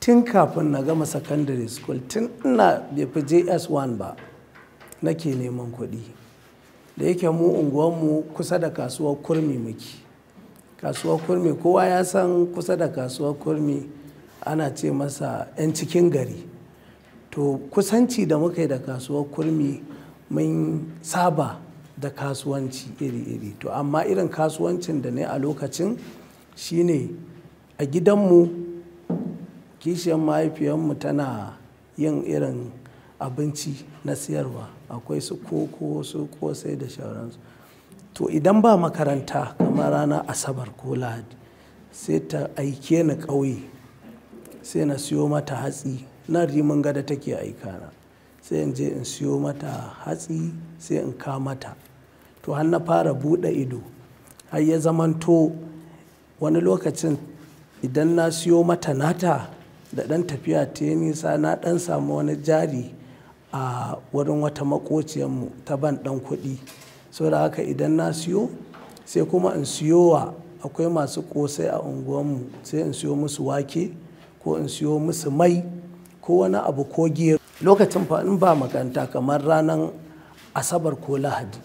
tun kafin na gama secondary school tun ina bai fi js1 ba nake neman kuɗi da yake mu unguwanmu kusa da kasuwar kurmi muke kasuwar kurmi kowa ya san kusa da kasuwar kurmi ana ce masa 'yan cikin gari to kusanci da muka yi da kasuwar kurmi mun saba da kasuwanci iri-iri to amma irin kasuwancin da ne a lokacin shine a gidanmu kishiyar mahaifiyarmu tana yin irin abinci na siyarwa akwai su koko su kosai da shauransu to idan ba makaranta kamar rana asabar ko lahadi sai ta aike ni ƙauye sai na siyo mata hatsi nan rimin gada take aikana sai in je in siyo mata hatsi sai in ka mata to har na fara buɗe ido har ya zamanto wani lokacin idan na siyo mata nata da ɗan tafiya ta yi nisa na ɗan samu wani jari a wurin wata makociyarmu ta ban ɗan kuɗi saboda haka idan na siyo sai kuma in siyo wa akwai masu ƙosai a unguwanmu sai in siyo musu wake ko in siyo musu mai ko wani abu ko gero lokacin fa ba makaranta kamar ranar asabar ko lahadi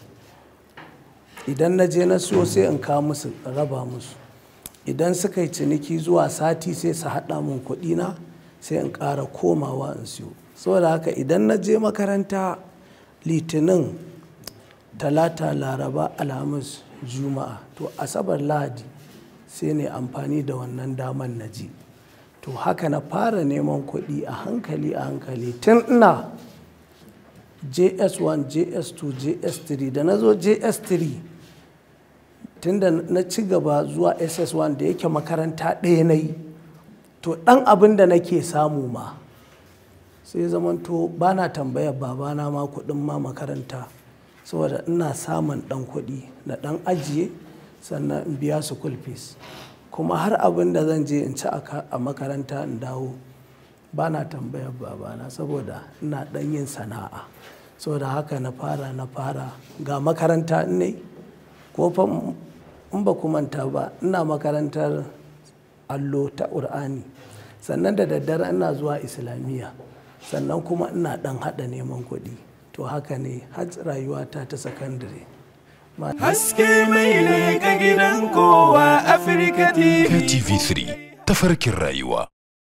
idan na je na siyo sai in kawo musu raba musu idan suka yi ciniki zuwa sati sai su haɗa mun kuɗi na sai in ƙara komawa in siyo saboda haka idan na je makaranta litinin talata laraba alhamis juma'a to asabar lahadi sai ne amfani da wannan daman na je to haka na fara neman kuɗi a hankali a hankali tun ina js1 js2 js3 da na zo js3 tunda na ci gaba zuwa ss1 da yake makaranta ɗaya na yi to ɗan abin da nake samu ma sai zamanto ba na tambayar babana ma kuɗin ma makaranta saboda ina samun ɗan kuɗi na ɗan ajiye sannan in biya su kulfis kuma har abin da zan je in ci a makaranta in dawo ba na tambayar babana saboda ina ɗan yin sana'a saboda haka na fara na fara ga makaranta ne ko in ba ku manta ba ina makarantar allo ta ƙur'ani sannan da daddare ina zuwa islamiyya sannan kuma ina ɗan haɗa neman kuɗi to haka ne har rayuwata ta sakandare haske mai leƙa gidan kowa afirka tv3 tafarkin rayuwa